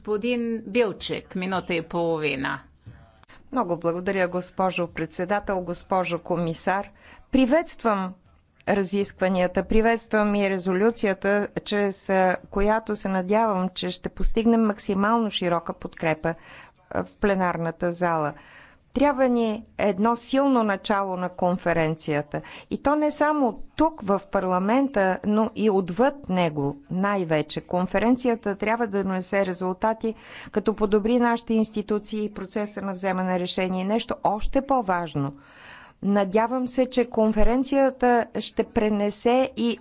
Господин Билчек, минута и половина. Много благодаря, госпожо председател, госпожо комисар. Приветствам разискванията. Приветствам и резолюцията, чрез която се надявам, че ще постигнем максимално широка подкрепа в пленарната зала. Трябва ни едно силно начало на конференцията. И то не само тук в парламента, но и отвъд него най-вече. Конференцията трябва да донесе резултати, като подобри нашите институции и процеса на вземане на решение. Нещо още по-важно. Надявам се, че конференцията ще пренесе и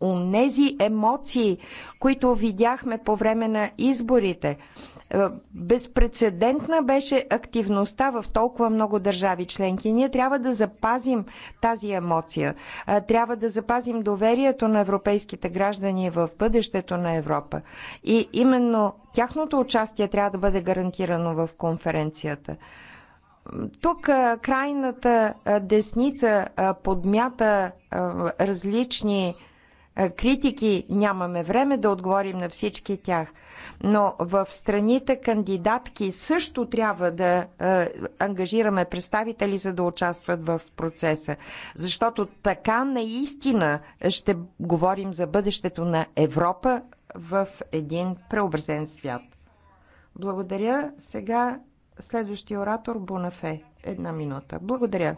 онези емоции, които видяхме по време на изборите – е, безпредседентна беше активността в толкова много държави членки. Ние трябва да запазим тази емоция. Е, трябва да запазим доверието на европейските граждани в бъдещето на Европа. И именно тяхното участие трябва да бъде гарантирано в конференцията. Тук е, крайната десница подмята различни критики. Нямаме време да отговорим на всички тях но в страните кандидатки също трябва да е, ангажираме представители, за да участват в процеса. Защото така наистина ще говорим за бъдещето на Европа в един преобразен свят. Благодаря. Сега следващия оратор Бунафе. Една минута. Благодаря.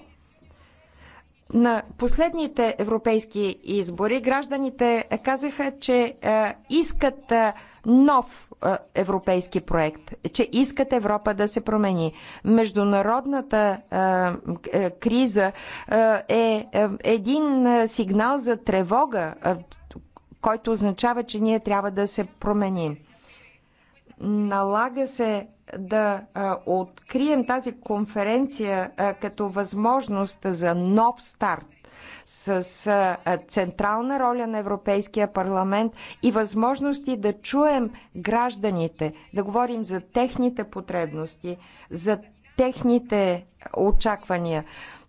На последните европейски избори гражданите казаха, че е, искат е, нов е, европейски проект, че искат Европа да се промени. Международната криза е един сигнал за тревога, който означава, че ние трябва да се променим. Налага се да открием тази конференция като възможност за нов старт с централна роля на Европейския парламент и възможности да чуем гражданите, да говорим за техните потребности, за техните очаквания.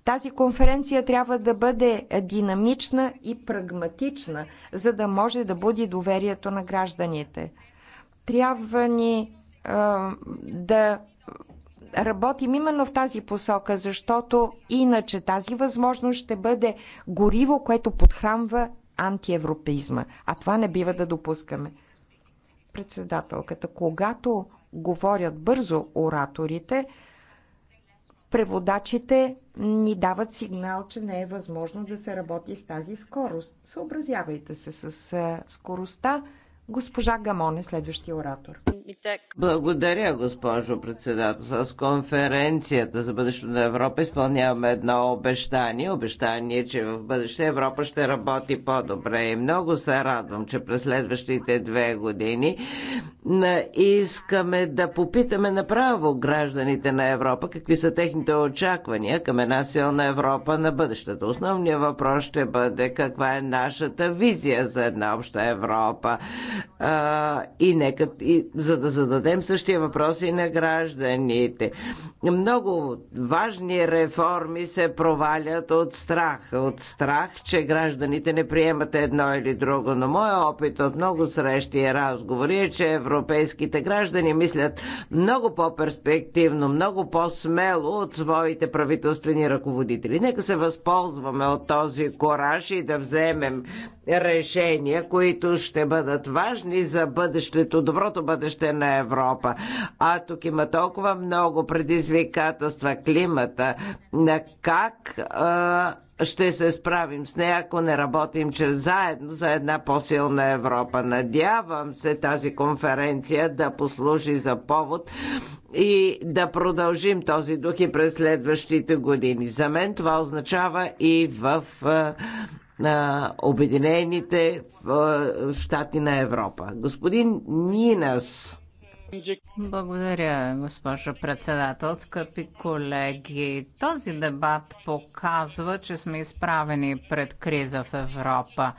Тази конференция трябва да бъде динамична и прагматична, за да може да буди доверието на гражданите. Трябва ни да работим именно в тази посока, защото иначе тази възможност ще бъде гориво, което подхранва антиевропеизма. А това не бива да допускаме. Председателката, когато говорят бързо ораторите, преводачите ни дават сигнал, че не е възможно да се работи с тази скорост. Съобразявайте се с скоростта. Госпожа Гамон е следващия оратор. Благодаря, госпожо председател. С конференцията за бъдещето на Европа изпълняваме едно обещание. Обещание, че в бъдеще Европа ще работи по-добре. И много се радвам, че през следващите две години искаме да попитаме направо гражданите на Европа какви са техните очаквания към една силна Европа на бъдещето. Основният въпрос ще бъде каква е нашата визия за една обща Европа а, и нека, и, за да зададем същия въпрос и на гражданите. Много важни реформи се провалят от страх. От страх, че гражданите не приемат едно или друго. Но моят опит от много срещи и разговори е, че европейските граждани мислят много по-перспективно, много по-смело от своите правителствени ръководители. Нека се възползваме от този кораж и да вземем решения, които ще бъдат важни важни за бъдещето, доброто бъдеще на Европа. А тук има толкова много предизвикателства, климата, на как а, ще се справим с нея, ако не работим чрез заедно за една по-силна Европа. Надявам се тази конференция да послужи за повод и да продължим този дух и през следващите години. За мен това означава и в на Обединените щати на Европа. Господин Нинас. Благодаря, госпожо председател. Скъпи колеги, този дебат показва, че сме изправени пред криза в Европа.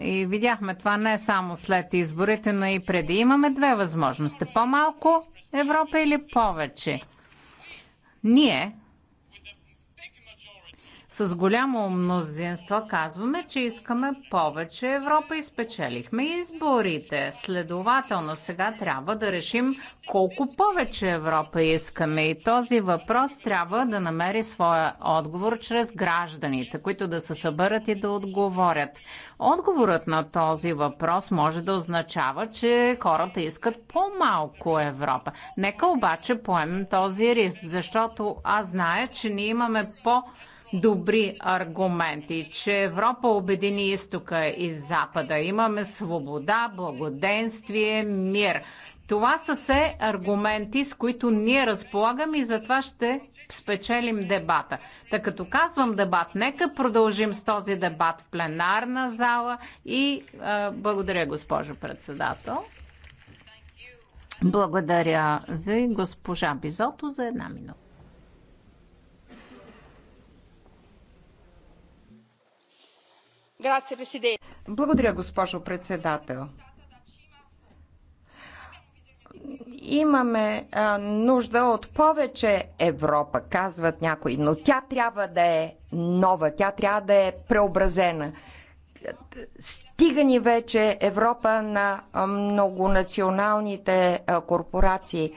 И видяхме това не само след изборите, но и преди. Имаме две възможности. По-малко Европа или повече. Ние, с голямо мнозинство казваме, че искаме повече Европа и спечелихме изборите. Следователно сега трябва да решим колко повече Европа искаме и този въпрос трябва да намери своя отговор чрез гражданите, които да се съберат и да отговорят. Отговорът на този въпрос може да означава, че хората искат по-малко Европа. Нека обаче поемем този риск, защото аз зная, че ние имаме по- добри аргументи, че Европа обедини изтока и запада. Имаме свобода, благоденствие, мир. Това са все аргументи, с които ние разполагаме и затова ще спечелим дебата. Така като казвам дебат, нека продължим с този дебат в пленарна зала и а, е, благодаря, госпожо председател. Благодаря ви, госпожа Бизото, за една минута. Благодаря, госпожо председател. Имаме нужда от повече Европа, казват някои, но тя трябва да е нова, тя трябва да е преобразена. Стига ни вече Европа на многонационалните корпорации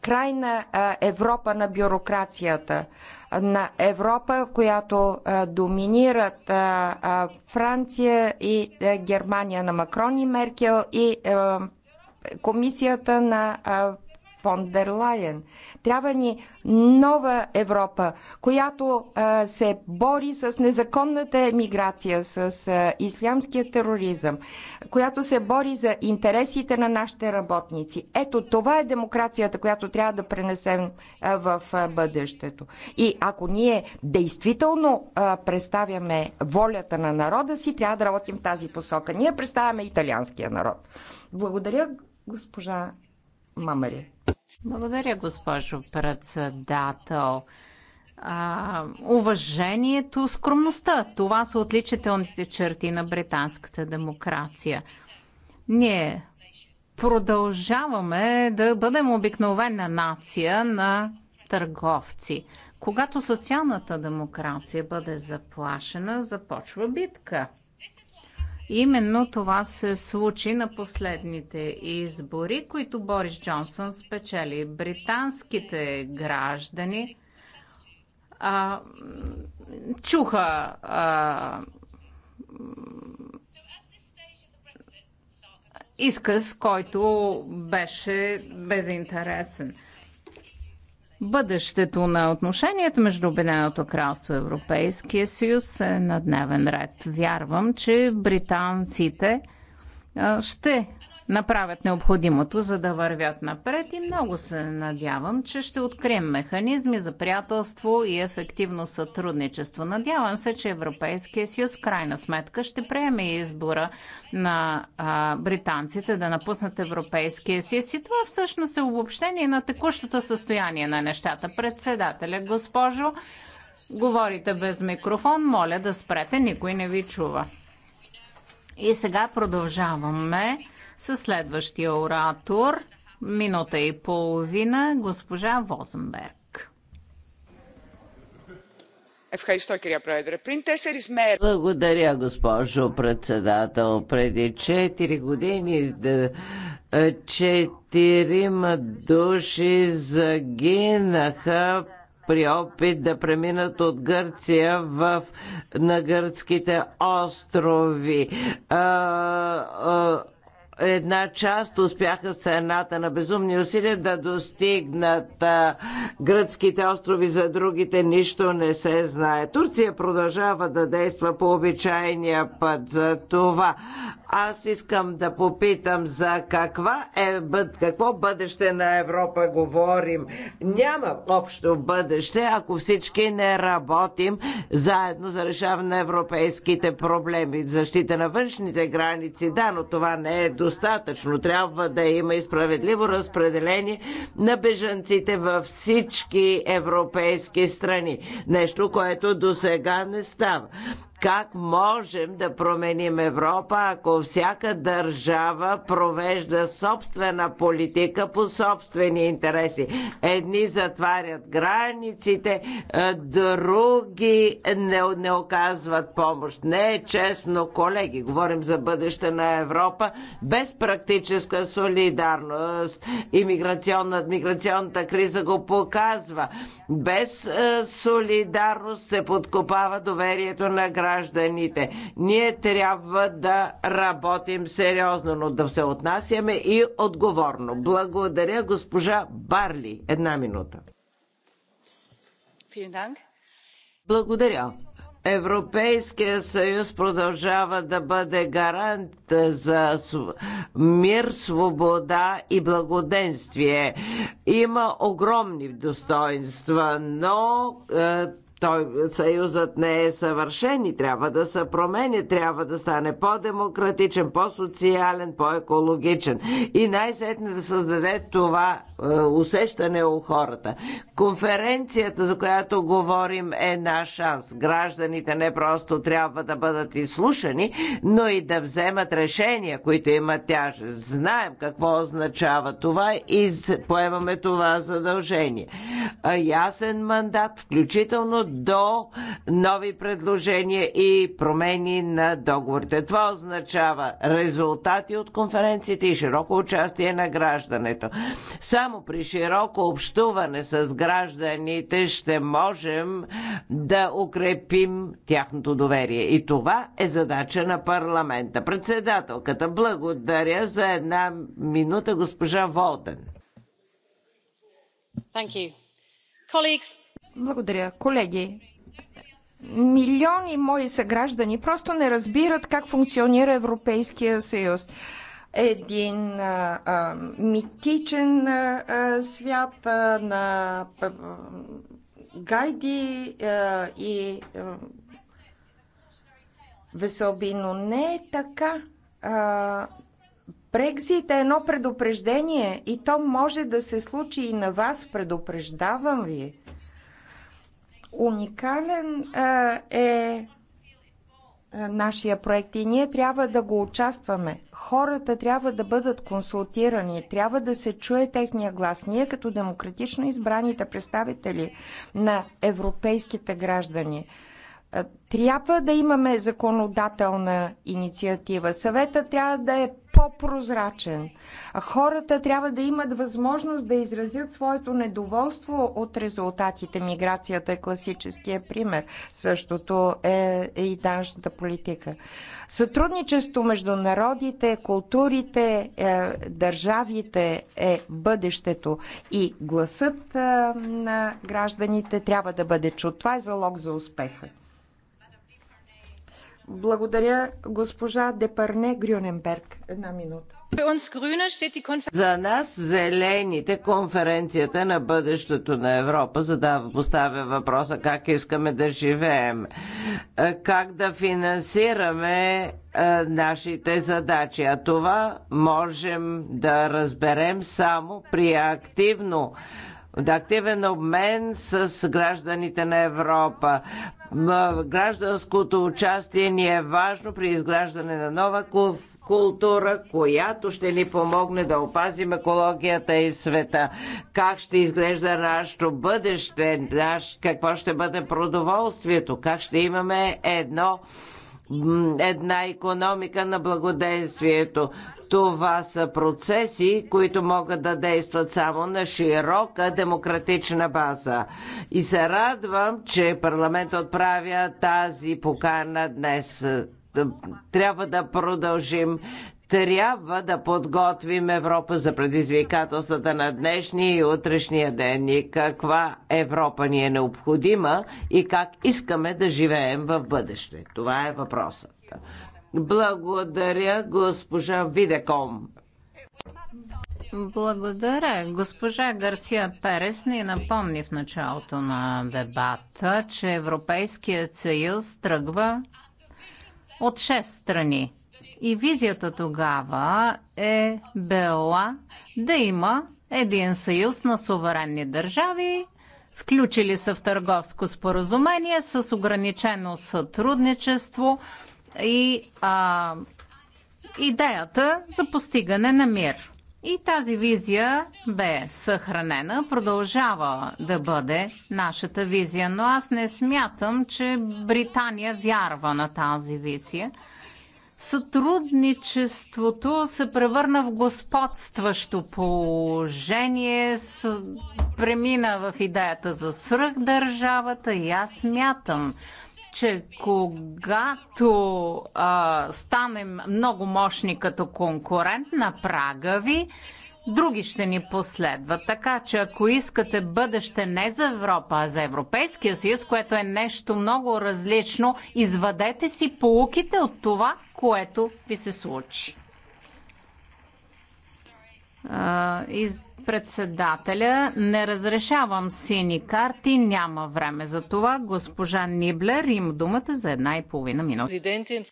край на Европа на бюрокрацията, на Европа, в която доминират Франция и Германия на Макрон и Меркел и комисията на фон дер Лайен. Трябва ни нова Европа, която се бори с незаконната емиграция, с ислямския тероризъм, която се бори за интересите на нашите работници. Ето това е демокрацията, която трябва да пренесем в бъдещето. И ако ние действително представяме волята на народа си, трябва да работим в тази посока. Ние представяме италианския народ. Благодаря, госпожа Мамари. Благодаря, госпожо председател. А, уважението, скромността, това са отличителните черти на британската демокрация. Ние продължаваме да бъдем обикновена нация на търговци. Когато социалната демокрация бъде заплашена, започва битка – Именно това се случи на последните избори, които Борис Джонсън спечели. Британските граждани а, чуха а, изказ, който беше безинтересен. Бъдещето на отношенията между Обединеното кралство и Европейския съюз е на дневен ред. Вярвам, че британците ще направят необходимото, за да вървят напред и много се надявам, че ще открием механизми за приятелство и ефективно сътрудничество. Надявам се, че Европейския съюз в крайна сметка ще приеме избора на а, британците да напуснат Европейския съюз и това всъщност е обобщение на текущото състояние на нещата. Председателя, госпожо, говорите без микрофон, моля да спрете, никой не ви чува. И сега продължаваме със следващия оратор, минута и половина, госпожа Возенберг. Благодаря, госпожо председател. Преди 4 години 4 е, души загинаха при опит да преминат от Гърция в, на гръцките острови. А, а, една част успяха с едната на безумни усилия да достигнат а, гръцките острови, за другите нищо не се знае. Турция продължава да действа по обичайния път за това. Аз искам да попитам за каква е, какво бъдеще на Европа говорим. Няма общо бъдеще, ако всички не работим заедно за решаване на европейските проблеми. Защита на външните граници, да, но това не е достатъчно. Трябва да има и справедливо разпределение на бежанците във всички европейски страни. Нещо, което до сега не става. Как можем да променим Европа, ако всяка държава провежда собствена политика по собствени интереси? Едни затварят границите, е, други не, не оказват помощ. Не е честно, колеги. Говорим за бъдеще на Европа без практическа солидарност. Имиграционната миграционната криза го показва. Без е, солидарност се подкопава доверието на границите гражданите. Ние трябва да работим сериозно, но да се отнасяме и отговорно. Благодаря госпожа Барли. Една минута. Благодаря. Европейския съюз продължава да бъде гарант за мир, свобода и благоденствие. Има огромни достоинства, но е, той, съюзът не е съвършен и трябва да се промени, трябва да стане по-демократичен, по-социален, по-екологичен и най-сетне да създаде това е, усещане у хората. Конференцията, за която говорим, е наш шанс. Гражданите не просто трябва да бъдат изслушани, но и да вземат решения, които имат тяжест. Знаем какво означава това и поемаме това задължение. Ясен мандат, включително до нови предложения и промени на договорите. Това означава резултати от конференциите и широко участие на граждането. Само при широко общуване с гражданите ще можем да укрепим тяхното доверие. И това е задача на парламента. Председателката, благодаря за една минута госпожа Волден. Thank you. Colleagues, благодаря. Колеги, милиони мои съграждани просто не разбират как функционира Европейския съюз. Един а, а, митичен а, свят а, на а, гайди а, и а, веселби, но не е така. А, Брекзит е едно предупреждение и то може да се случи и на вас, предупреждавам ви. Уникален е нашия проект и ние трябва да го участваме. Хората трябва да бъдат консултирани, трябва да се чуе техния глас. Ние като демократично избраните представители на европейските граждани трябва да имаме законодателна инициатива. Съвета трябва да е по-прозрачен. Хората трябва да имат възможност да изразят своето недоволство от резултатите. Миграцията е класическия пример. Същото е и данъчната политика. Сътрудничество между народите, културите, е, държавите е бъдещето и гласът е, на гражданите трябва да бъде чут. Това е залог за успеха. Благодаря госпожа Депарне Грюненберг. Една минута. За нас, зелените, конференцията на бъдещето на Европа задава, поставя въпроса как искаме да живеем, е, как да финансираме е, нашите задачи. А това можем да разберем само при активно активен обмен с гражданите на Европа. Гражданското участие ни е важно при изграждане на нова култура, която ще ни помогне да опазим екологията и света. Как ще изглежда нашето бъдеще, наш, какво ще бъде продоволствието, как ще имаме едно една економика на благодействието. Това са процеси, които могат да действат само на широка демократична база. И се радвам, че парламент отправя тази покана днес трябва да продължим трябва да подготвим Европа за предизвикателствата на днешния и утрешния ден и каква Европа ни е необходима и как искаме да живеем в бъдеще. Това е въпросът. Благодаря, госпожа Видеком. Благодаря. Госпожа Гарсия Перес ни напомни в началото на дебата, че Европейският съюз тръгва от шест страни и визията тогава е била да има един съюз на суверенни държави, включили се в търговско споразумение с ограничено сътрудничество и а, идеята за постигане на мир. И тази визия бе съхранена, продължава да бъде нашата визия, но аз не смятам, че Британия вярва на тази визия сътрудничеството се превърна в господстващо положение, с... премина в идеята за свръхдържавата и аз мятам, че когато а, станем много мощни като конкурент на прага ви, други ще ни последват. Така че ако искате бъдеще не за Европа, а за Европейския съюз, което е нещо много различно, извадете си полуките от това, което ви се случи. из председателя. Не разрешавам сини карти, няма време за това. Госпожа Ниблер има думата за една и половина минута.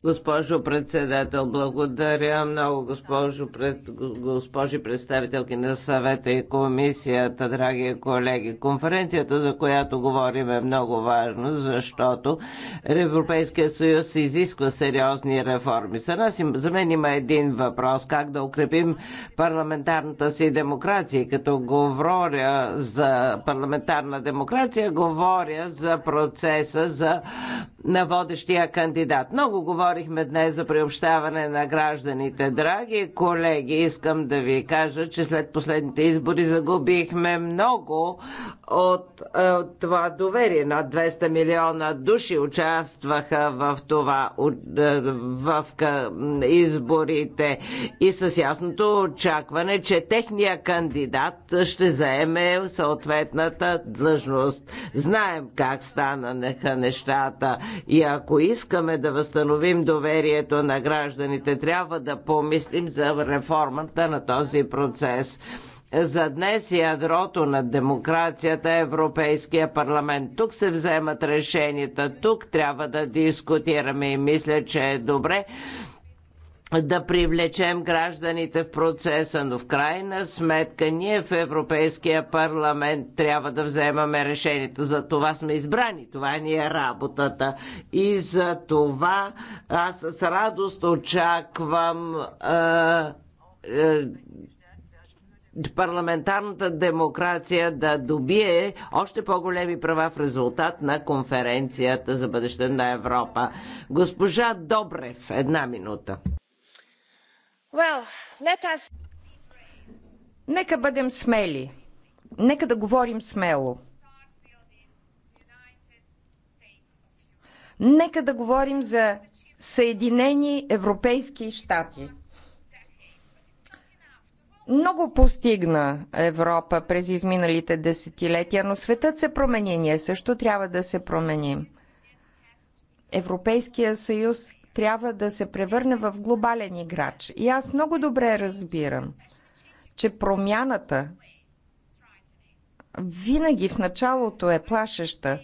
Госпожо председател, благодаря много, госпожо пред, госпожи представителки на съвета и комисията, драги колеги. Конференцията, за която говорим е много важна, защото Европейския съюз изисква сериозни реформи. За, нас, за мен има един въпрос, как да укрепим парламентарната си демокрация демокрация. Като говоря за парламентарна демокрация, говоря за процеса за на водещия кандидат. Много говорихме днес за приобщаване на гражданите. Драги колеги, искам да ви кажа, че след последните избори загубихме много от, е, от това доверие. Над 200 милиона души участваха в това, е, в изборите и с ясното очакване, че техния кандидат кандидат ще заеме съответната длъжност. Знаем как станаха нещата и ако искаме да възстановим доверието на гражданите, трябва да помислим за реформата на този процес. За днес ядрото на демокрацията е Европейския парламент. Тук се вземат решенията, тук трябва да дискутираме и мисля, че е добре да привлечем гражданите в процеса, но в крайна сметка ние в Европейския парламент трябва да вземаме решението. За това сме избрани, това ни е работата. И за това аз с радост очаквам е, е, парламентарната демокрация да добие още по-големи права в резултат на конференцията за бъдеще на Европа. Госпожа Добрев, една минута. Нека бъдем смели. Нека да говорим смело. Нека да говорим за Съединени Европейски щати. Много постигна Европа през изминалите десетилетия, но светът се промени. Ние също трябва да се променим. Европейския съюз трябва да се превърне в глобален играч. И аз много добре разбирам, че промяната винаги в началото е плашеща,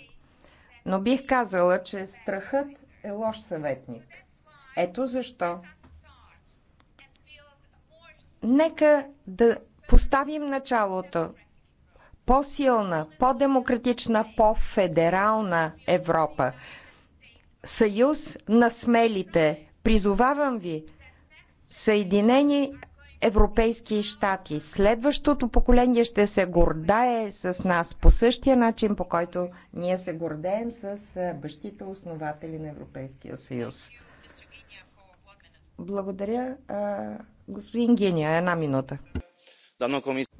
но бих казала, че страхът е лош съветник. Ето защо. Нека да поставим началото по-силна, по-демократична, по-федерална Европа съюз на смелите. Призовавам ви, Съединени Европейски щати. Следващото поколение ще се гордае с нас по същия начин, по който ние се гордеем с бащите основатели на Европейския съюз. Благодаря. Господин Гения, една минута.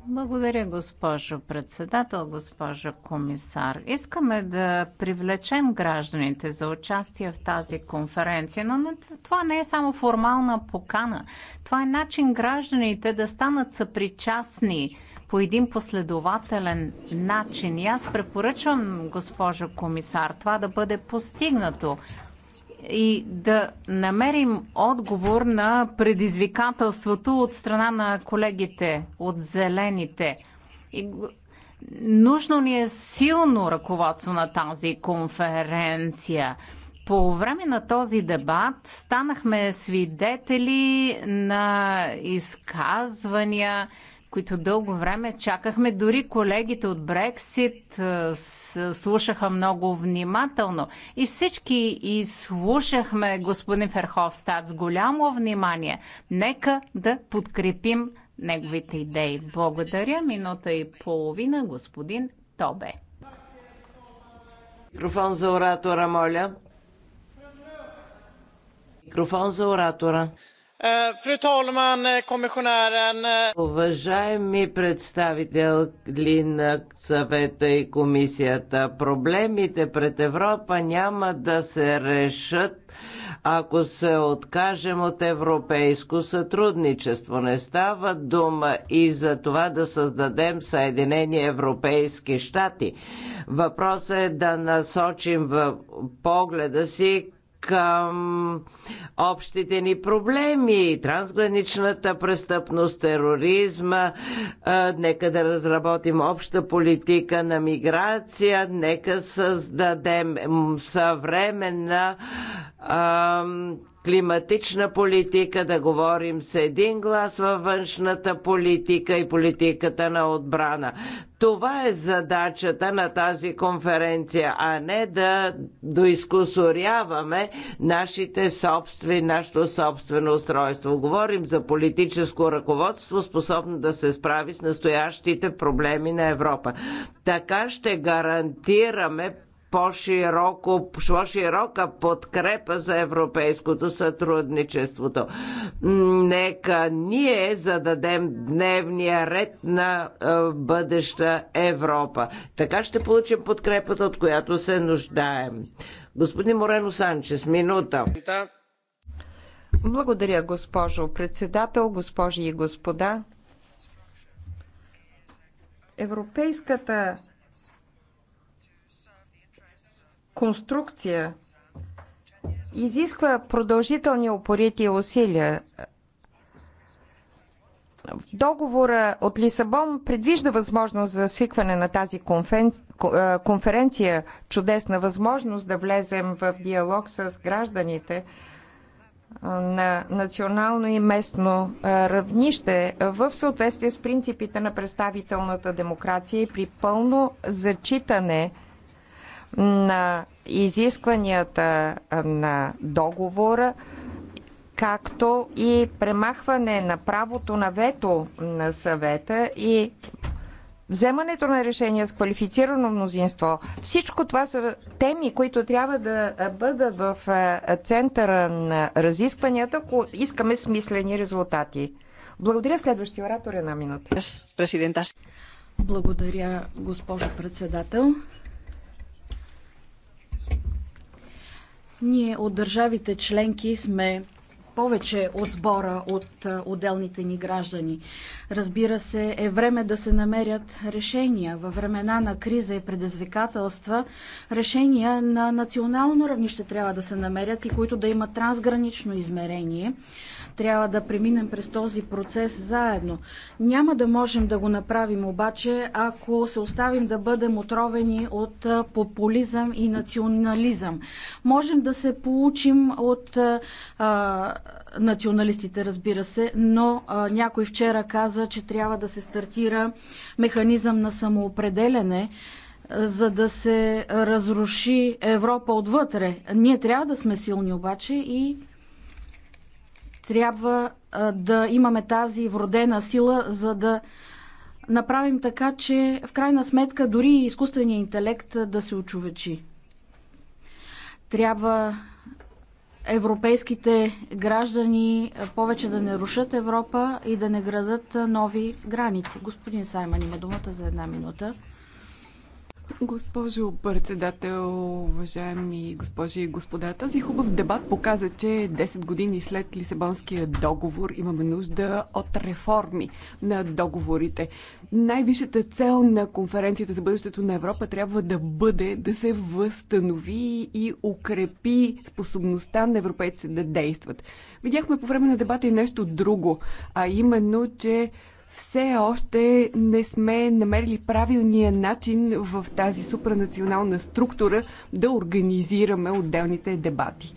Благодаря, госпожо председател, госпожо комисар. Искаме да привлечем гражданите за участие в тази конференция, но това не е само формална покана. Това е начин гражданите да станат съпричастни по един последователен начин. И аз препоръчвам, госпожо комисар, това да бъде постигнато и да намерим отговор на предизвикателството от страна на колегите от зелените. И нужно ни е силно ръководство на тази конференция. По време на този дебат станахме свидетели на изказвания, които дълго време чакахме. Дори колегите от Брексит е, слушаха много внимателно. И всички изслушахме господин Ферховстат с голямо внимание. Нека да подкрепим неговите идеи. Благодаря. Минута и половина, господин Тобе. Микрофон за оратора, моля. Микрофон за оратора. Eh, fru talman, eh, kommissionären. Eh. Уважаеми представители на съвета и комисията, проблемите пред Европа няма да се решат ако се откажем от европейско сътрудничество. Не става дума и за това да създадем Съединени Европейски щати. Въпросът е да насочим в погледа си към общите ни проблеми, трансграничната престъпност, тероризма. Нека да разработим обща политика на миграция, нека създадем съвременна климатична политика, да говорим с един глас във външната политика и политиката на отбрана. Това е задачата на тази конференция, а не да доискусоряваме нашите собствени, нашето собствено устройство. Говорим за политическо ръководство, способно да се справи с настоящите проблеми на Европа. Така ще гарантираме по-широко, по-широка подкрепа за европейското сътрудничеството. Нека ние зададем дневния ред на бъдеща Европа. Така ще получим подкрепата, от която се нуждаем. Господин Морено Санчес, минута. Благодаря, госпожо председател, госпожи и господа. Европейската конструкция изисква продължителни опорити и усилия. Договора от Лисабон предвижда възможност за свикване на тази конференция, чудесна възможност да влезем в диалог с гражданите на национално и местно равнище в съответствие с принципите на представителната демокрация и при пълно зачитане на на изискванията на договора, както и премахване на правото на вето на съвета и вземането на решения с квалифицирано мнозинство. Всичко това са теми, които трябва да бъдат в центъра на разискванията, ако искаме смислени резултати. Благодаря. Следващия оратор една минута. Благодаря, госпожо председател. Ние от държавите членки сме повече от сбора от отделните ни граждани. Разбира се, е време да се намерят решения във времена на криза и предизвикателства. Решения на национално равнище трябва да се намерят и които да имат трансгранично измерение трябва да преминем през този процес заедно. Няма да можем да го направим обаче, ако се оставим да бъдем отровени от популизъм и национализъм. Можем да се получим от а, националистите, разбира се, но а, някой вчера каза, че трябва да се стартира механизъм на самоопределене за да се разруши Европа отвътре. Ние трябва да сме силни обаче и трябва да имаме тази вродена сила, за да направим така, че в крайна сметка дори и изкуственият интелект да се очовечи. Трябва европейските граждани повече да не рушат Европа и да не градат нови граници. Господин Сайман има думата за една минута. Госпожо председател, уважаеми госпожи и господа, този хубав дебат показа, че 10 години след Лисабонския договор имаме нужда от реформи на договорите. Най-висшата цел на конференцията за бъдещето на Европа трябва да бъде да се възстанови и укрепи способността на европейците да действат. Видяхме по време на дебата и нещо друго, а именно, че все още не сме намерили правилния начин в тази супранационална структура да организираме отделните дебати.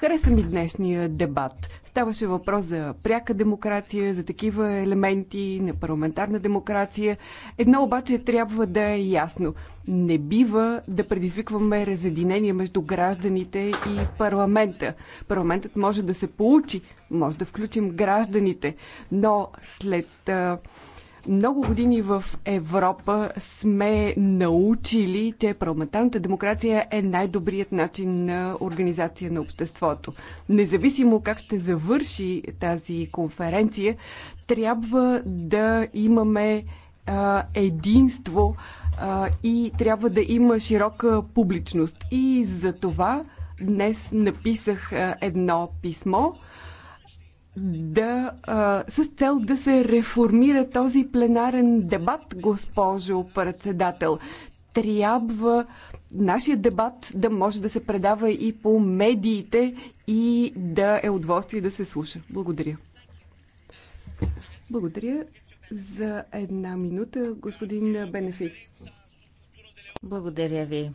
Хареса ми днешния дебат. Ставаше въпрос за пряка демокрация, за такива елементи на парламентарна демокрация. Едно обаче трябва да е ясно. Не бива да предизвикваме разединение между гражданите и парламента. Парламентът може да се получи, може да включим гражданите, но след много години в Европа сме научили, че парламентарната демокрация е най-добрият начин на организация на обществото. Независимо как ще завърши тази конференция, трябва да имаме а, единство а, и трябва да има широка публичност. И за това днес написах а, едно писмо да, а, с цел да се реформира този пленарен дебат, госпожо председател. Трябва нашия дебат да може да се предава и по медиите и да е удоволствие да се слуша. Благодаря. Благодаря за една минута, господин Бенефи. Благодаря ви.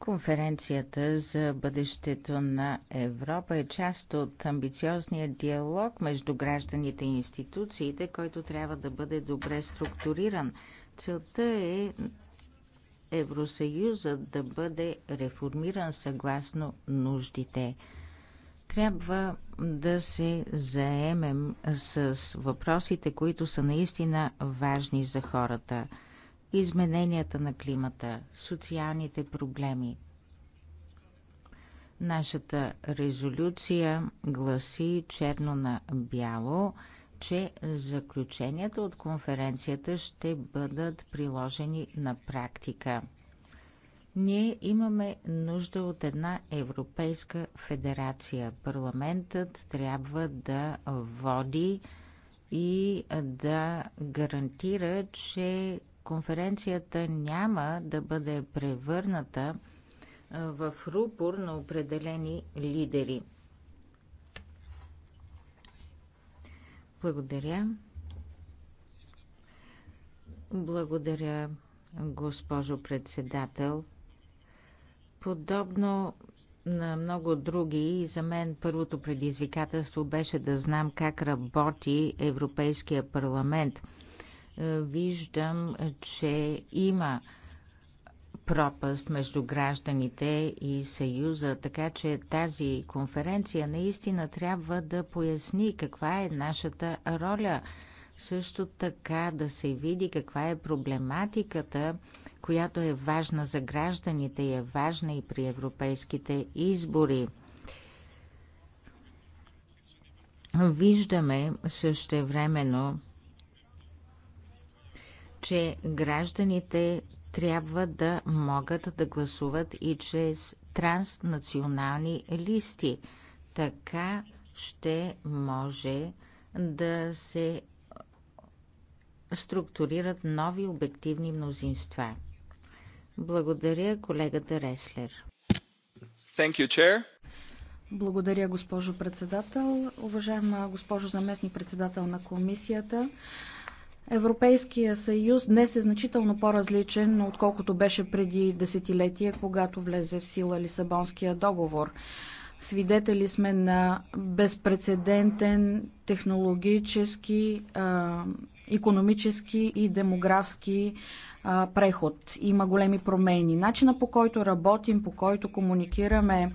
Конференцията за бъдещето на Европа е част от амбициозния диалог между гражданите и институциите, който трябва да бъде добре структуриран. Целта е Евросъюзът да бъде реформиран съгласно нуждите. Трябва да се заемем с въпросите, които са наистина важни за хората – измененията на климата, социалните проблеми. Нашата резолюция гласи черно на бяло, че заключенията от конференцията ще бъдат приложени на практика. Ние имаме нужда от една Европейска федерация. Парламентът трябва да води и да гарантира, че конференцията няма да бъде превърната в рупор на определени лидери. Благодаря. Благодаря, госпожо председател. Подобно на много други и за мен първото предизвикателство беше да знам как работи Европейския парламент – виждам, че има пропаст между гражданите и Съюза, така че тази конференция наистина трябва да поясни каква е нашата роля. Също така да се види каква е проблематиката, която е важна за гражданите и е важна и при европейските избори. Виждаме също времено че гражданите трябва да могат да гласуват и чрез транснационални листи. Така ще може да се структурират нови обективни мнозинства. Благодаря колегата Реслер. Thank you, chair. Благодаря, госпожо председател. Уважаема госпожо заместник председател на комисията, Европейския съюз днес е значително по-различен, отколкото беше преди десетилетие, когато влезе в сила Лисабонския договор. Свидетели сме на безпредседентен технологически, економически и демографски а, преход. Има големи промени. Начина по който работим, по който комуникираме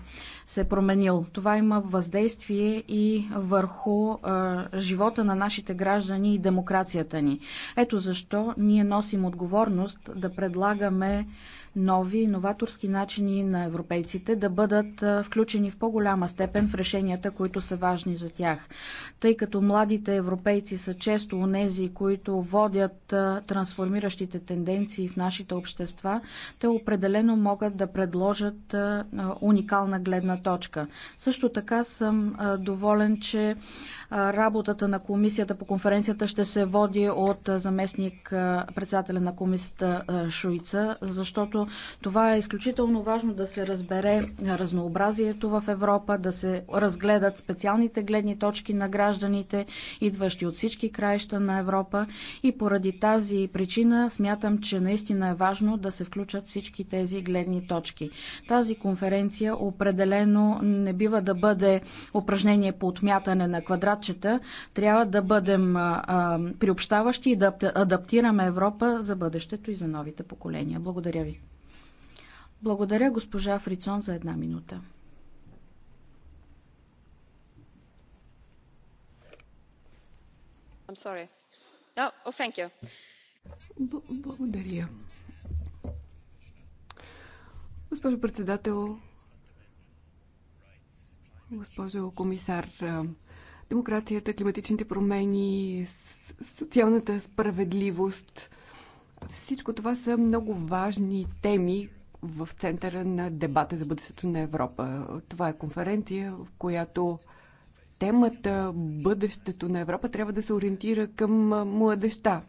се е променил. Това има въздействие и върху а, живота на нашите граждани и демокрацията ни. Ето защо ние носим отговорност да предлагаме нови новаторски начини на европейците да бъдат включени в по-голяма степен в решенията, които са важни за тях. Тъй като младите европейци са често унези, които водят трансформиращите тенденции, тенденции в нашите общества, те определено могат да предложат уникална гледна точка. Също така съм доволен, че Работата на комисията по конференцията ще се води от заместник председателя на комисията Шуица, защото това е изключително важно да се разбере разнообразието в Европа, да се разгледат специалните гледни точки на гражданите, идващи от всички краища на Европа. И поради тази причина смятам, че наистина е важно да се включат всички тези гледни точки. Тази конференция определено не бива да бъде упражнение по отмятане на квадрат задачата трябва да бъдем приобщаващи и да адаптираме Европа за бъдещето и за новите поколения. Благодаря ви. Благодаря госпожа Фрицон за една минута. I'm sorry. No, oh, thank you. Б- благодаря. Госпожо председател, госпожо комисар, демокрацията, климатичните промени, социалната справедливост. Всичко това са много важни теми в центъра на дебата за бъдещето на Европа. Това е конференция, в която темата бъдещето на Европа трябва да се ориентира към младеща.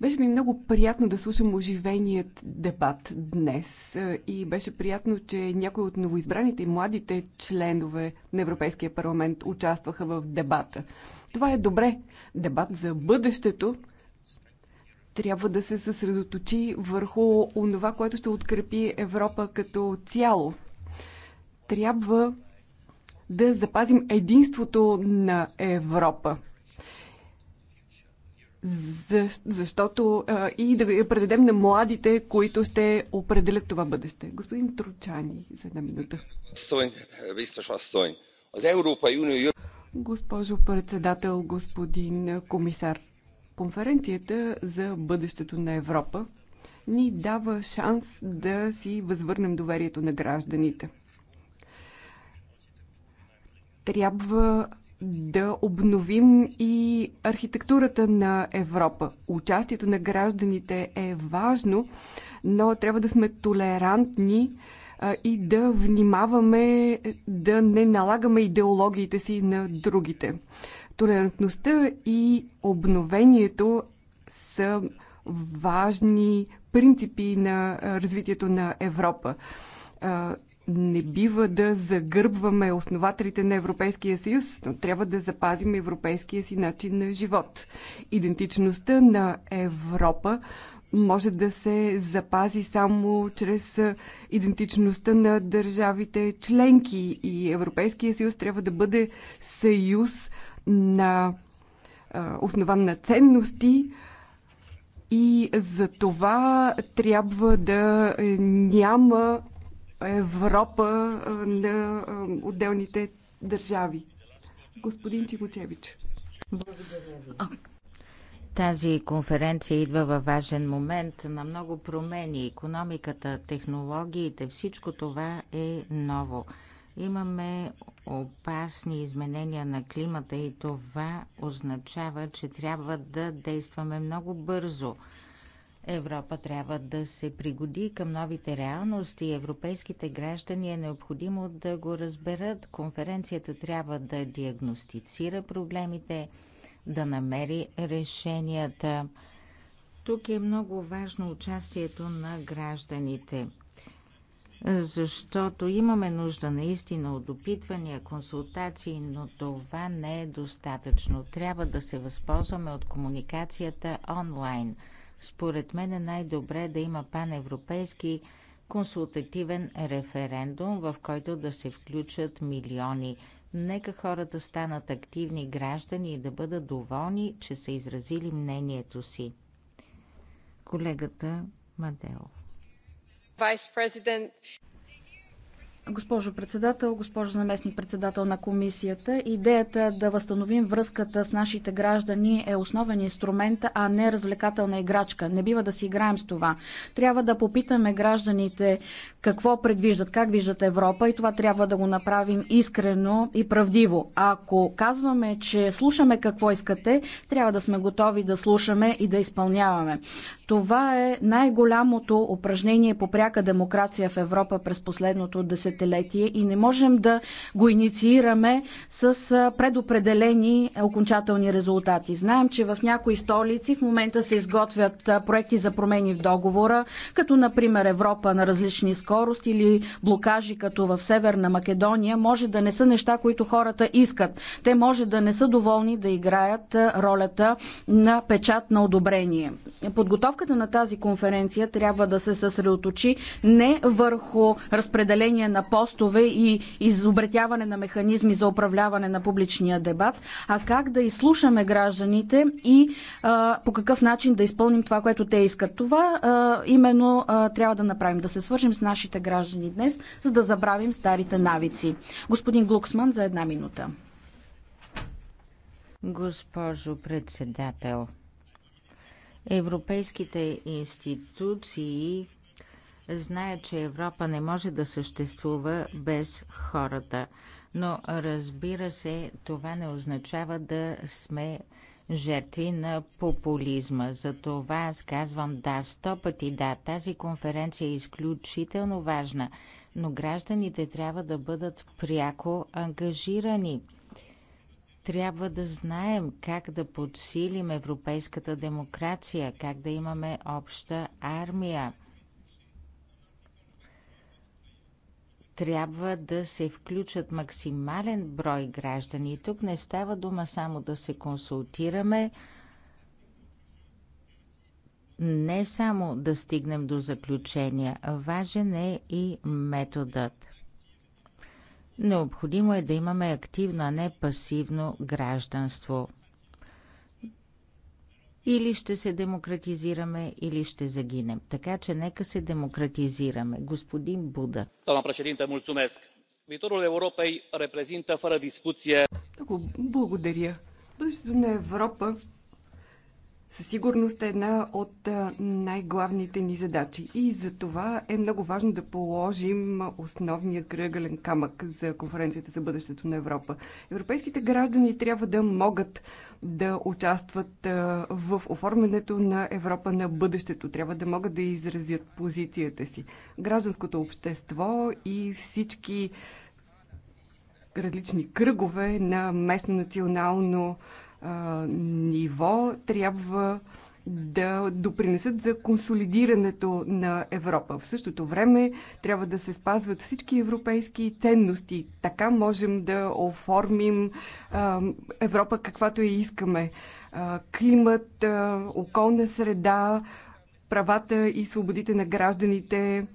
Беше ми много приятно да слушам оживеният дебат днес и беше приятно, че някои от новоизбраните и младите членове на Европейския парламент участваха в дебата. Това е добре. Дебат за бъдещето трябва да се съсредоточи върху онова, което ще открепи Европа като цяло. Трябва да запазим единството на Европа за, защото а, и да я предадем на младите, които ще определят това бъдеще. Господин Тручани, за една минута. Госпожо председател, господин комисар, конференцията за бъдещето на Европа ни дава шанс да си възвърнем доверието на гражданите. Трябва да обновим и архитектурата на Европа. Участието на гражданите е важно, но трябва да сме толерантни и да внимаваме да не налагаме идеологиите си на другите. Толерантността и обновението са важни принципи на развитието на Европа не бива да загърбваме основателите на Европейския съюз, но трябва да запазим европейския си начин на живот. Идентичността на Европа може да се запази само чрез идентичността на държавите членки и Европейския съюз трябва да бъде съюз на основан на ценности, и за това трябва да няма Европа на отделните държави. Господин Чигучевич. Благодаря ви. Тази конференция идва във важен момент на много промени. Економиката, технологиите, всичко това е ново. Имаме опасни изменения на климата и това означава, че трябва да действаме много бързо – Европа трябва да се пригоди към новите реалности. Европейските граждани е необходимо да го разберат. Конференцията трябва да диагностицира проблемите, да намери решенията. Тук е много важно участието на гражданите, защото имаме нужда наистина от допитвания, консултации, но това не е достатъчно. Трябва да се възползваме от комуникацията онлайн – според мен е най-добре да има паневропейски консултативен референдум, в който да се включат милиони. Нека хората станат активни граждани и да бъдат доволни, че са изразили мнението си. Колегата Мадео. Госпожо председател, госпожо заместник председател на комисията, идеята да възстановим връзката с нашите граждани е основен инструмент, а не развлекателна играчка. Не бива да си играем с това. Трябва да попитаме гражданите какво предвиждат, как виждат Европа и това трябва да го направим искрено и правдиво. Ако казваме, че слушаме какво искате, трябва да сме готови да слушаме и да изпълняваме. Това е най-голямото упражнение по пряка демокрация в Европа през последното десетилетие и не можем да го инициираме с предопределени окончателни резултати. Знаем, че в някои столици в момента се изготвят проекти за промени в договора, като например Европа на различни скорости скорост или блокажи като в Северна Македония може да не са неща, които хората искат. Те може да не са доволни да играят ролята на печат на одобрение. Подготовката на тази конференция трябва да се съсредоточи не върху разпределение на постове и изобретяване на механизми за управляване на публичния дебат, а как да изслушаме гражданите и а, по какъв начин да изпълним това, което те искат. Това а, именно а, трябва да направим, да се свържим с нашите нашите граждани днес, за да забравим старите навици. Господин Глуксман за една минута. Госпожо председател, европейските институции знаят, че Европа не може да съществува без хората. Но разбира се, това не означава да сме жертви на популизма. За това аз казвам да, сто пъти да. Тази конференция е изключително важна, но гражданите трябва да бъдат пряко ангажирани. Трябва да знаем как да подсилим европейската демокрация, как да имаме обща армия. трябва да се включат максимален брой граждани. Тук не става дума само да се консултираме, не само да стигнем до заключения, важен е и методът. Необходимо е да имаме активно, а не пасивно гражданство – или ще се демократизираме, или ще загинем. Така че нека се демократизираме. Господин Буда. președинте, Viitorul Europei reprezintă fără discuție... благодаря. Бъдещето на Европа със сигурност е една от най-главните ни задачи. И за това е много важно да положим основния кръгълен камък за конференцията за бъдещето на Европа. Европейските граждани трябва да могат да участват в оформянето на Европа на бъдещето. Трябва да могат да изразят позицията си. Гражданското общество и всички различни кръгове на местно, национално, ниво трябва да допринесат за консолидирането на Европа. В същото време трябва да се спазват всички европейски ценности. Така можем да оформим а, Европа каквато я искаме. А, климат, а, околна среда, правата и свободите на гражданите,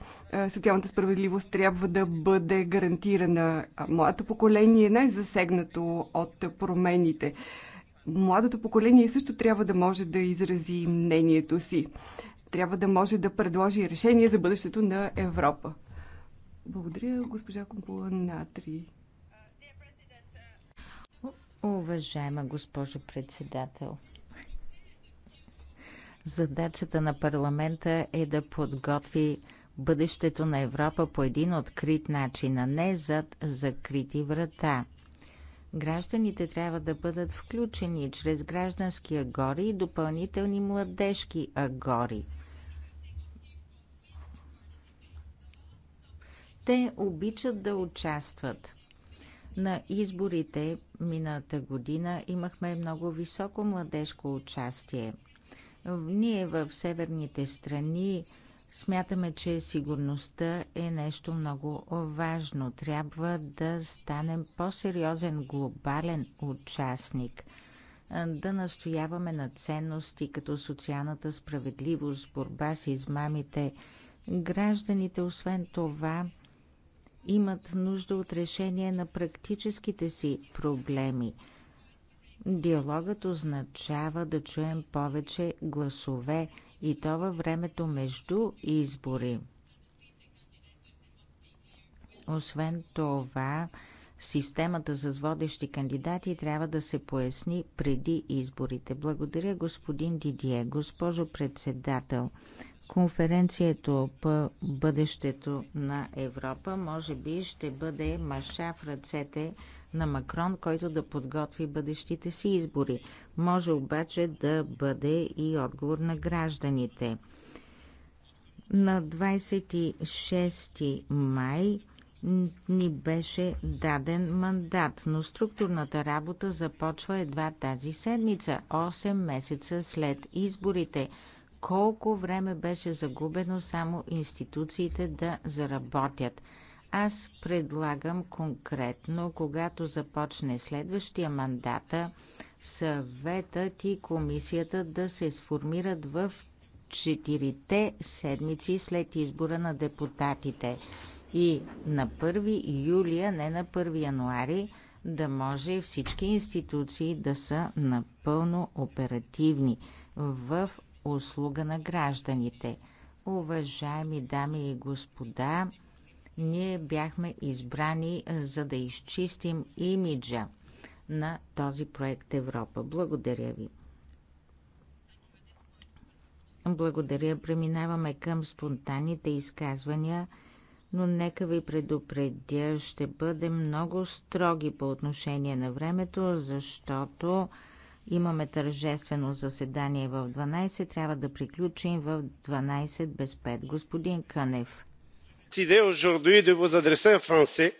социалната справедливост трябва да бъде гарантирана. Младото поколение е най-засегнато от промените. Младото поколение също трябва да може да изрази мнението си. Трябва да може да предложи решение за бъдещето на Европа. Благодаря, госпожа Компула Натри. Уважаема госпожо председател, задачата на парламента е да подготви бъдещето на Европа по един открит начин, а не зад закрити врата. Гражданите трябва да бъдат включени чрез граждански агори и допълнителни младежки агори. Те обичат да участват. На изборите миналата година имахме много високо младежко участие. Ние в северните страни Смятаме, че сигурността е нещо много важно. Трябва да станем по-сериозен глобален участник, да настояваме на ценности като социалната справедливост, борба с измамите. Гражданите, освен това, имат нужда от решение на практическите си проблеми. Диалогът означава да чуем повече гласове – и то във времето между избори. Освен това, системата с водещи кандидати трябва да се поясни преди изборите. Благодаря господин Дидие, госпожо председател. Конференцията по бъдещето на Европа може би ще бъде маша в ръцете на Макрон, който да подготви бъдещите си избори. Може обаче да бъде и отговор на гражданите. На 26 май ни беше даден мандат, но структурната работа започва едва тази седмица, 8 месеца след изборите. Колко време беше загубено само институциите да заработят – аз предлагам конкретно, когато започне следващия мандата, съветът и комисията да се сформират в четирите седмици след избора на депутатите и на 1 юли, а не на 1 януари, да може всички институции да са напълно оперативни в услуга на гражданите. Уважаеми дами и господа, ние бяхме избрани за да изчистим имиджа на този проект Европа. Благодаря ви. Благодаря. Преминаваме към спонтанните изказвания, но нека ви предупредя, ще бъдем много строги по отношение на времето, защото имаме тържествено заседание в 12, трябва да приключим в 12 без 5. Господин Кънев décidé aujourd'hui de vous adresser en français.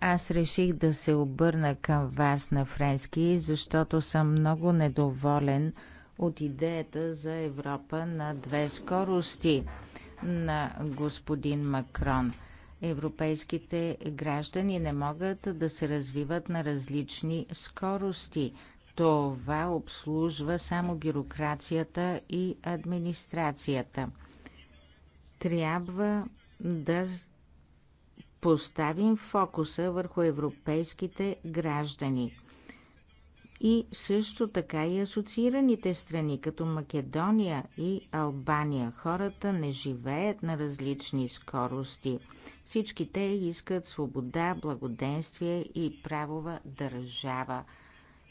Аз реших да се обърна към вас на френски, защото съм много недоволен от идеята за Европа на две скорости на господин Макрон. Европейските граждани не могат да се развиват на различни скорости. Това обслужва само бюрокрацията и администрацията. Трябва да поставим фокуса върху европейските граждани и също така и асоциираните страни, като Македония и Албания. Хората не живеят на различни скорости. Всички те искат свобода, благоденствие и правова държава.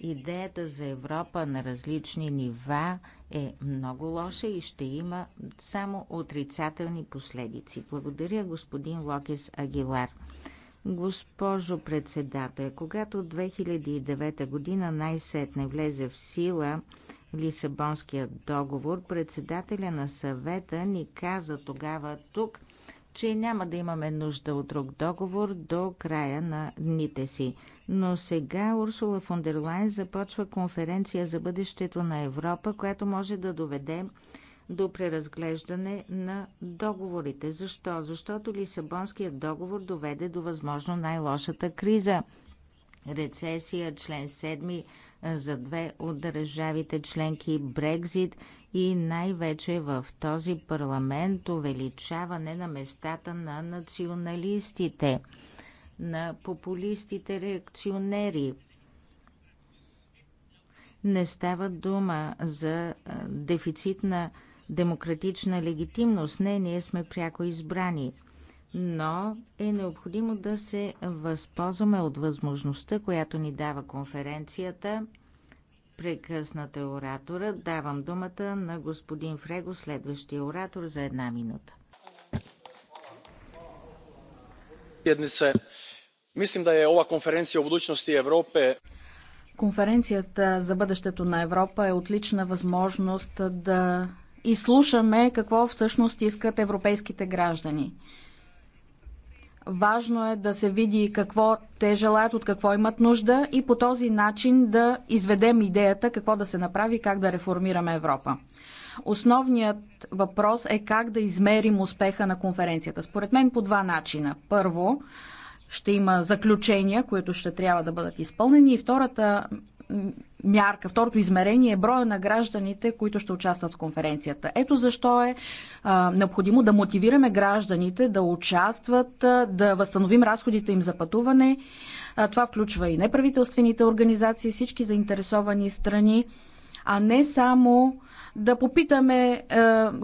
Идеята за Европа на различни нива е много лоша и ще има само отрицателни последици. Благодаря, господин Локис Агилар. Госпожо председател, когато 2009 година най-сетне влезе в сила Лисабонския договор, председателя на съвета ни каза тогава тук, че няма да имаме нужда от друг договор до края на дните си. Но сега Урсула фон дер Лайн започва конференция за бъдещето на Европа, която може да доведе до преразглеждане на договорите. Защо? Защото Лисабонският договор доведе до възможно най-лошата криза. Рецесия, член 7 за две от държавите членки Брекзит и най-вече в този парламент увеличаване на местата на националистите, на популистите реакционери. Не става дума за дефицит на демократична легитимност. Не, ние сме пряко избрани – но е необходимо да се възползваме от възможността, която ни дава конференцията. Прекъсната оратора. Давам думата на господин Фрего, следващия оратор, за една минута. Jednice, mislim да е ova конференция o budućnosti Европе. Конференцията за бъдещето на Европа е отлична възможност да изслушаме какво всъщност искат европейските граждани. Важно е да се види какво те желаят, от какво имат нужда и по този начин да изведем идеята какво да се направи, как да реформираме Европа. Основният въпрос е как да измерим успеха на конференцията. Според мен по два начина. Първо, ще има заключения, които ще трябва да бъдат изпълнени. И втората мярка, второто измерение е броя на гражданите, които ще участват в конференцията. Ето защо е а, необходимо да мотивираме гражданите да участват, а, да възстановим разходите им за пътуване. А, това включва и неправителствените организации, всички заинтересовани страни а не само да попитаме е,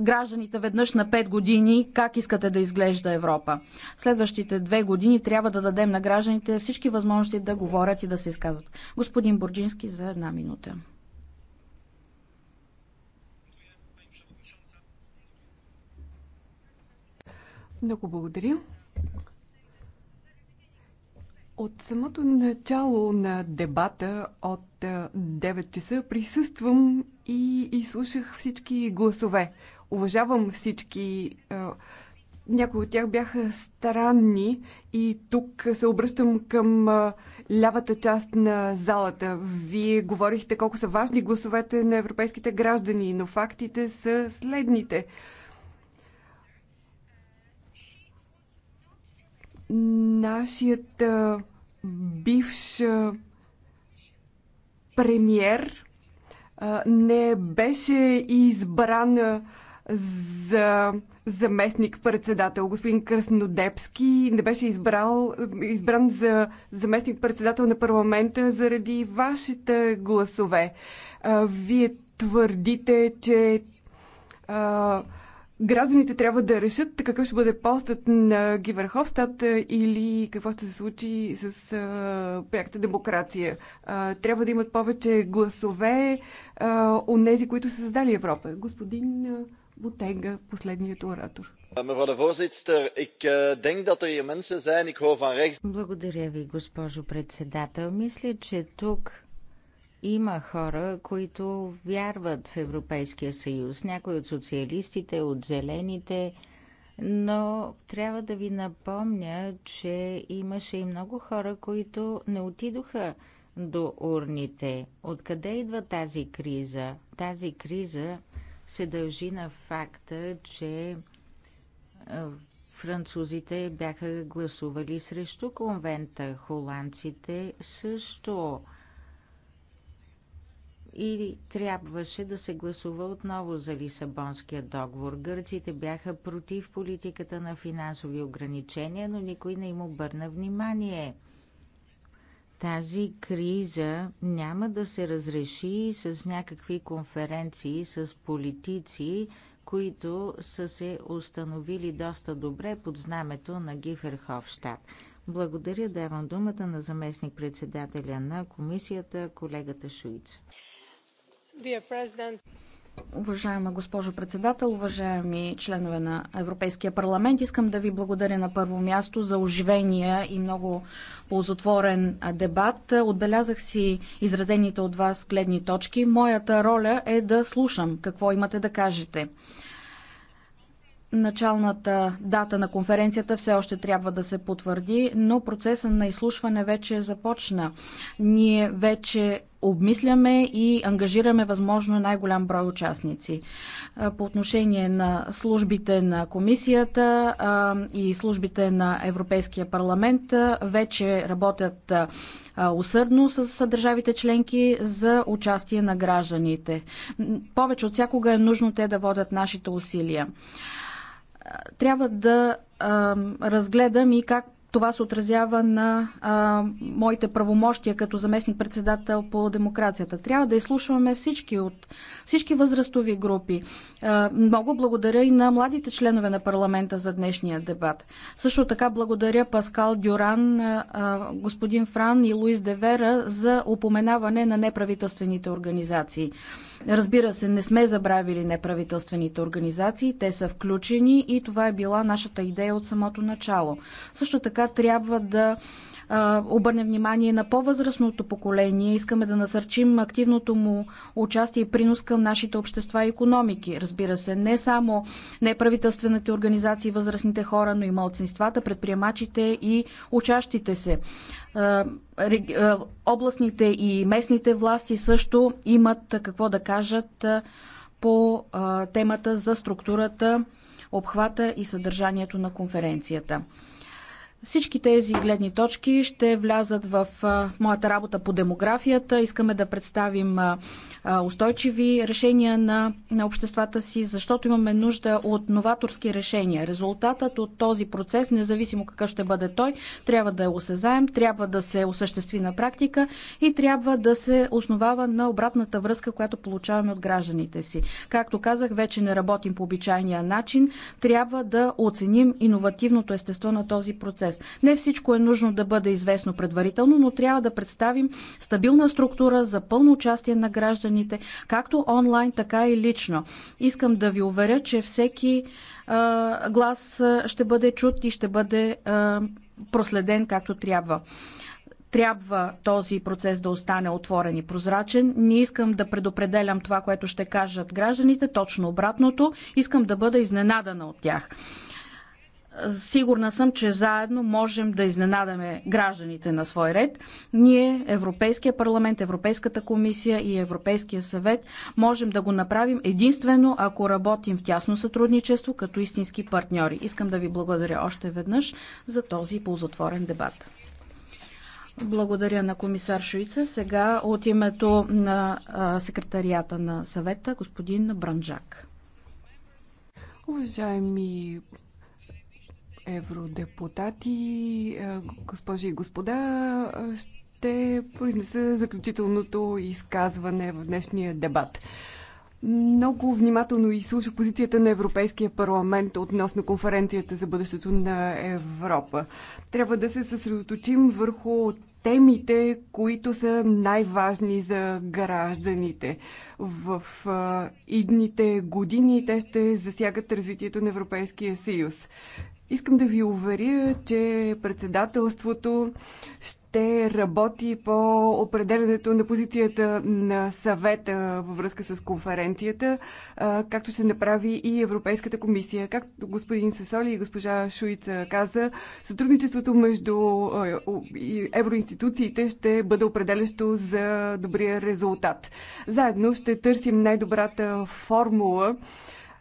гражданите веднъж на 5 години как искате да изглежда Европа. Следващите две години трябва да дадем на гражданите всички възможности да говорят и да се изказват. Господин Борджински за една минута. Много благодаря. От самото начало на дебата от 9 часа присъствам и изслушах всички гласове. Уважавам всички. Някои от тях бяха странни и тук се обръщам към лявата част на залата. Вие говорихте колко са важни гласовете на европейските граждани, но фактите са следните – нашият бивш премьер не беше избран за заместник-председател. Господин Краснодепски не беше избрал, избран за заместник-председател на парламента заради вашите гласове. Вие твърдите, че а, гражданите трябва да решат какъв ще бъде постът на Гиверховстат или какво ще се случи с а, пряката демокрация. А, трябва да имат повече гласове а, от тези, които са създали Европа. Господин Бутенга, последният оратор. Благодаря ви, госпожо председател. Мисля, че тук има хора, които вярват в Европейския съюз, някои от социалистите, от зелените, но трябва да ви напомня, че имаше и много хора, които не отидоха до урните. Откъде идва тази криза? Тази криза се дължи на факта, че французите бяха гласували срещу конвента, холандците също и трябваше да се гласува отново за Лисабонския договор. Гърците бяха против политиката на финансови ограничения, но никой не им обърна внимание. Тази криза няма да се разреши с някакви конференции с политици, които са се установили доста добре под знамето на Гиферховщад. Благодаря, давам думата на заместник председателя на комисията, колегата Шуиц. Уважаема госпожо председател, уважаеми членове на Европейския парламент, искам да ви благодаря на първо място за оживения и много ползотворен дебат. Отбелязах си изразените от вас гледни точки. Моята роля е да слушам какво имате да кажете. Началната дата на конференцията все още трябва да се потвърди, но процесът на изслушване вече започна. Ние вече обмисляме и ангажираме възможно най-голям брой участници. По отношение на службите на комисията и службите на Европейския парламент, вече работят усърдно с държавите членки за участие на гражданите. Повече от всякога е нужно те да водят нашите усилия трябва да разгледам и как това се отразява на а, моите правомощия като заместник-председател по демокрацията. Трябва да изслушваме всички от всички възрастови групи. А, много благодаря и на младите членове на парламента за днешния дебат. Също така благодаря Паскал Дюран, а, господин Фран и Луис Девера за упоменаване на неправителствените организации. Разбира се, не сме забравили неправителствените организации, те са включени и това е била нашата идея от самото начало. Също така трябва да обърнем внимание на по-възрастното поколение. Искаме да насърчим активното му участие и принос към нашите общества и економики. Разбира се, не само неправителствените организации, възрастните хора, но и малцинствата, предприемачите и учащите се. Областните и местните власти също имат какво да кажат по темата за структурата, обхвата и съдържанието на конференцията. Всички тези гледни точки ще влязат в моята работа по демографията. Искаме да представим устойчиви решения на, на обществата си, защото имаме нужда от новаторски решения. Резултатът от този процес, независимо какъв ще бъде той, трябва да е осезаем, трябва да се осъществи на практика и трябва да се основава на обратната връзка, която получаваме от гражданите си. Както казах, вече не работим по обичайния начин. Трябва да оценим иновативното естество на този процес процес. Не всичко е нужно да бъде известно предварително, но трябва да представим стабилна структура за пълно участие на гражданите, както онлайн, така и лично. Искам да ви уверя, че всеки а, глас ще бъде чут и ще бъде а, проследен както трябва трябва този процес да остане отворен и прозрачен. Не искам да предопределям това, което ще кажат гражданите, точно обратното. Искам да бъда изненадана от тях. Сигурна съм, че заедно можем да изненадаме гражданите на свой ред. Ние, Европейския парламент, Европейската комисия и Европейския съвет, можем да го направим единствено, ако работим в тясно сътрудничество като истински партньори. Искам да ви благодаря още веднъж за този ползотворен дебат. Благодаря на комисар Шуица. Сега от името на секретарията на съвета, господин Бранджак. Уважаеми евродепутати, е, госпожи и господа, ще произнеса заключителното изказване в днешния дебат. Много внимателно изслушах позицията на Европейския парламент относно конференцията за бъдещето на Европа. Трябва да се съсредоточим върху темите, които са най-важни за гражданите. В а, е, идните години те ще засягат развитието на Европейския съюз. Искам да ви уверя, че председателството ще работи по определенето на позицията на съвета във връзка с конференцията, както се направи и Европейската комисия. Както господин Сесоли и госпожа Шуица каза, сътрудничеството между евроинституциите ще бъде определящо за добрия резултат. Заедно ще търсим най-добрата формула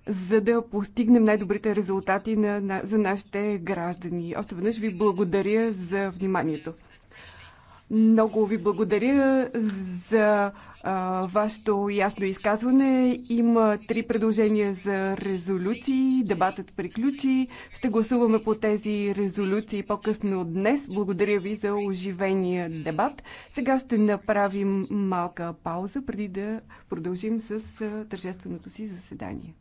за да постигнем най-добрите резултати на, на, за нашите граждани. Още веднъж ви благодаря за вниманието. Много ви благодаря за а, вашето ясно изказване. Има три предложения за резолюции. Дебатът приключи. Ще гласуваме по тези резолюции по-късно днес. Благодаря ви за оживения дебат. Сега ще направим малка пауза, преди да продължим с тържественото си заседание.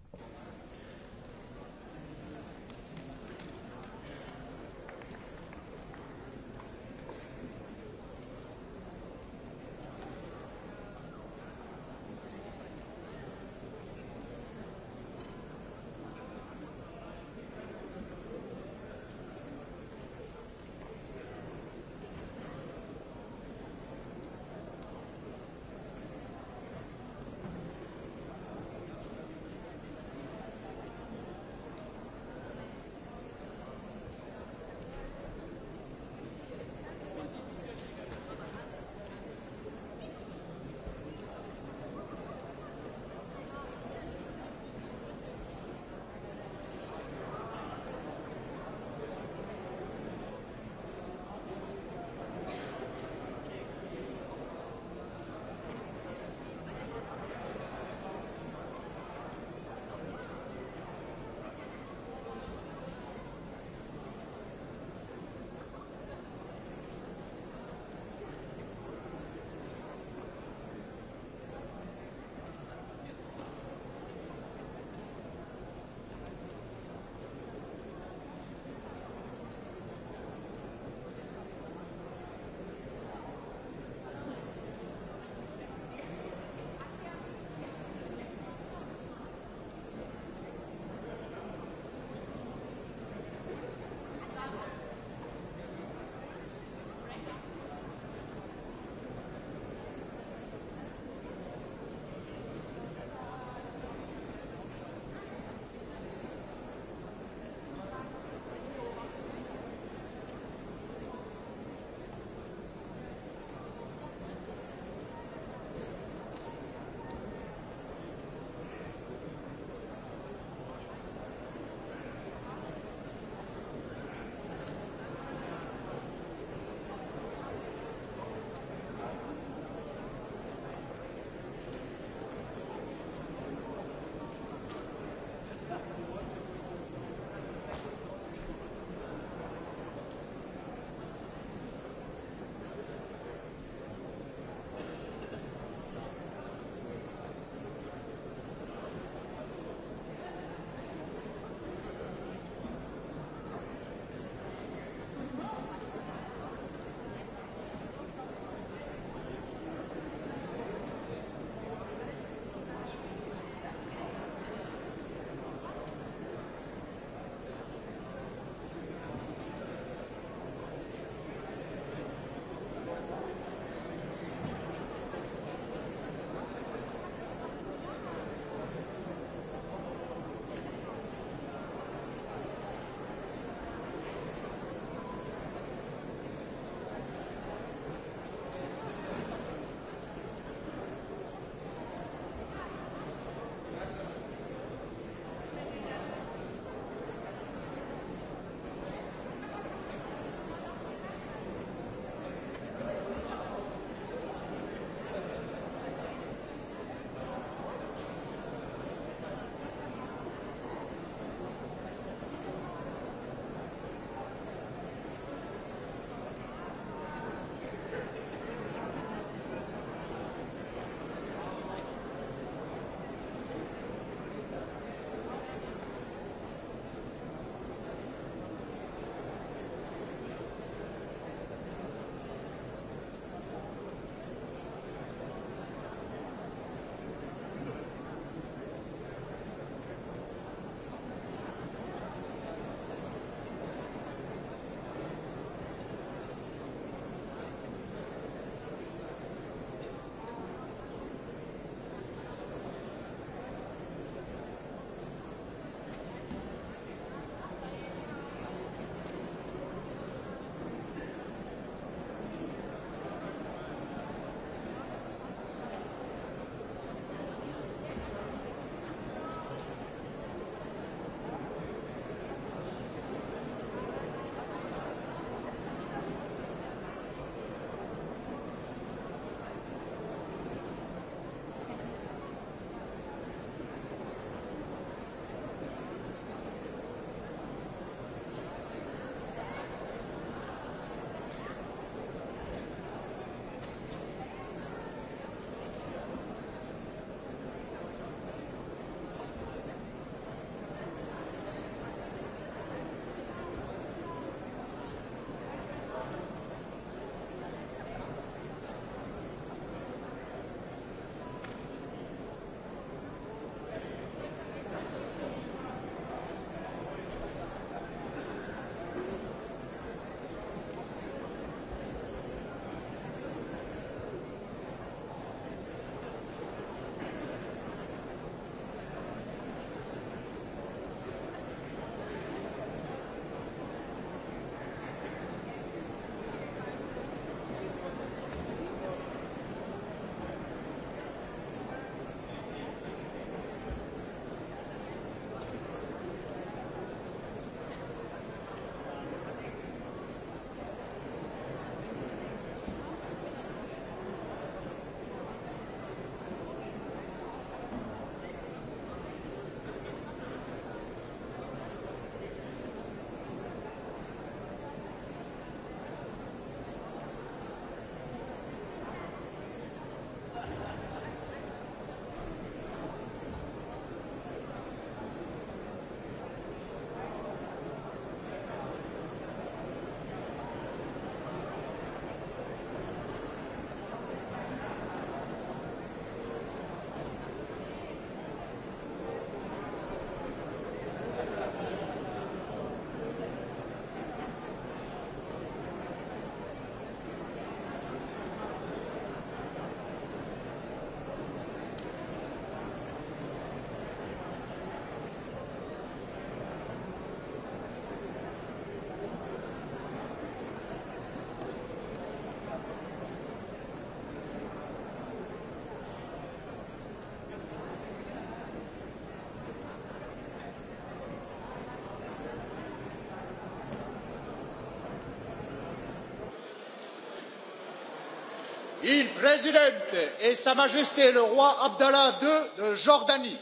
il presidente e sa majesté le roi Abdallah II de Jordanie.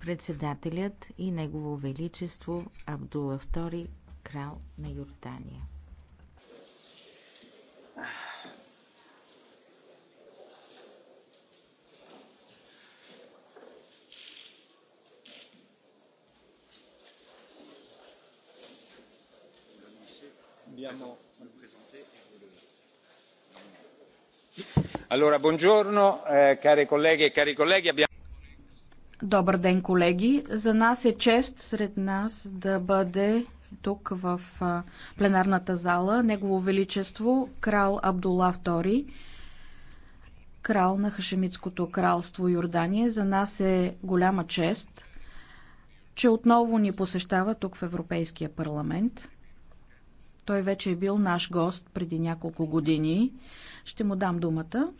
Председателят и негово величество Абдула II, крал на Йордания. Abbiamo Allora, buongiorno, eh, care e cari colleghi. Добър ден, колеги! За нас е чест сред нас да бъде тук в пленарната зала Негово Величество крал Абдула II, крал на Хашемитското кралство Йордания. За нас е голяма чест, че отново ни посещава тук в Европейския парламент – той вече е бил наш гост преди няколко години. Ще му дам думата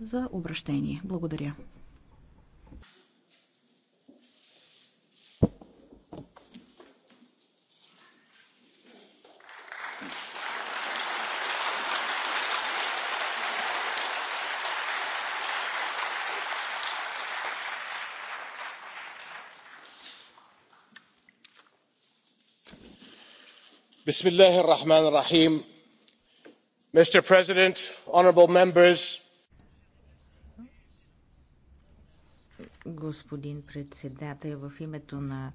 за обращение. Благодаря. mr president honourable members господин председател в името на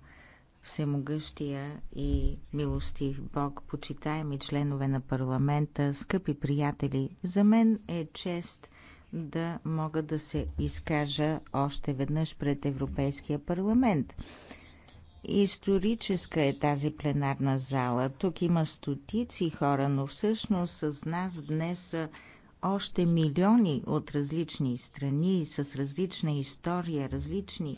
всемогъщия и милостив бог почитаеми членове на парламента скъпи приятели за мен е чест да мога да се изкажа още веднъж пред европейския парламент Историческа е тази пленарна зала. Тук има стотици хора, но всъщност с нас днес са още милиони от различни страни, с различна история, различни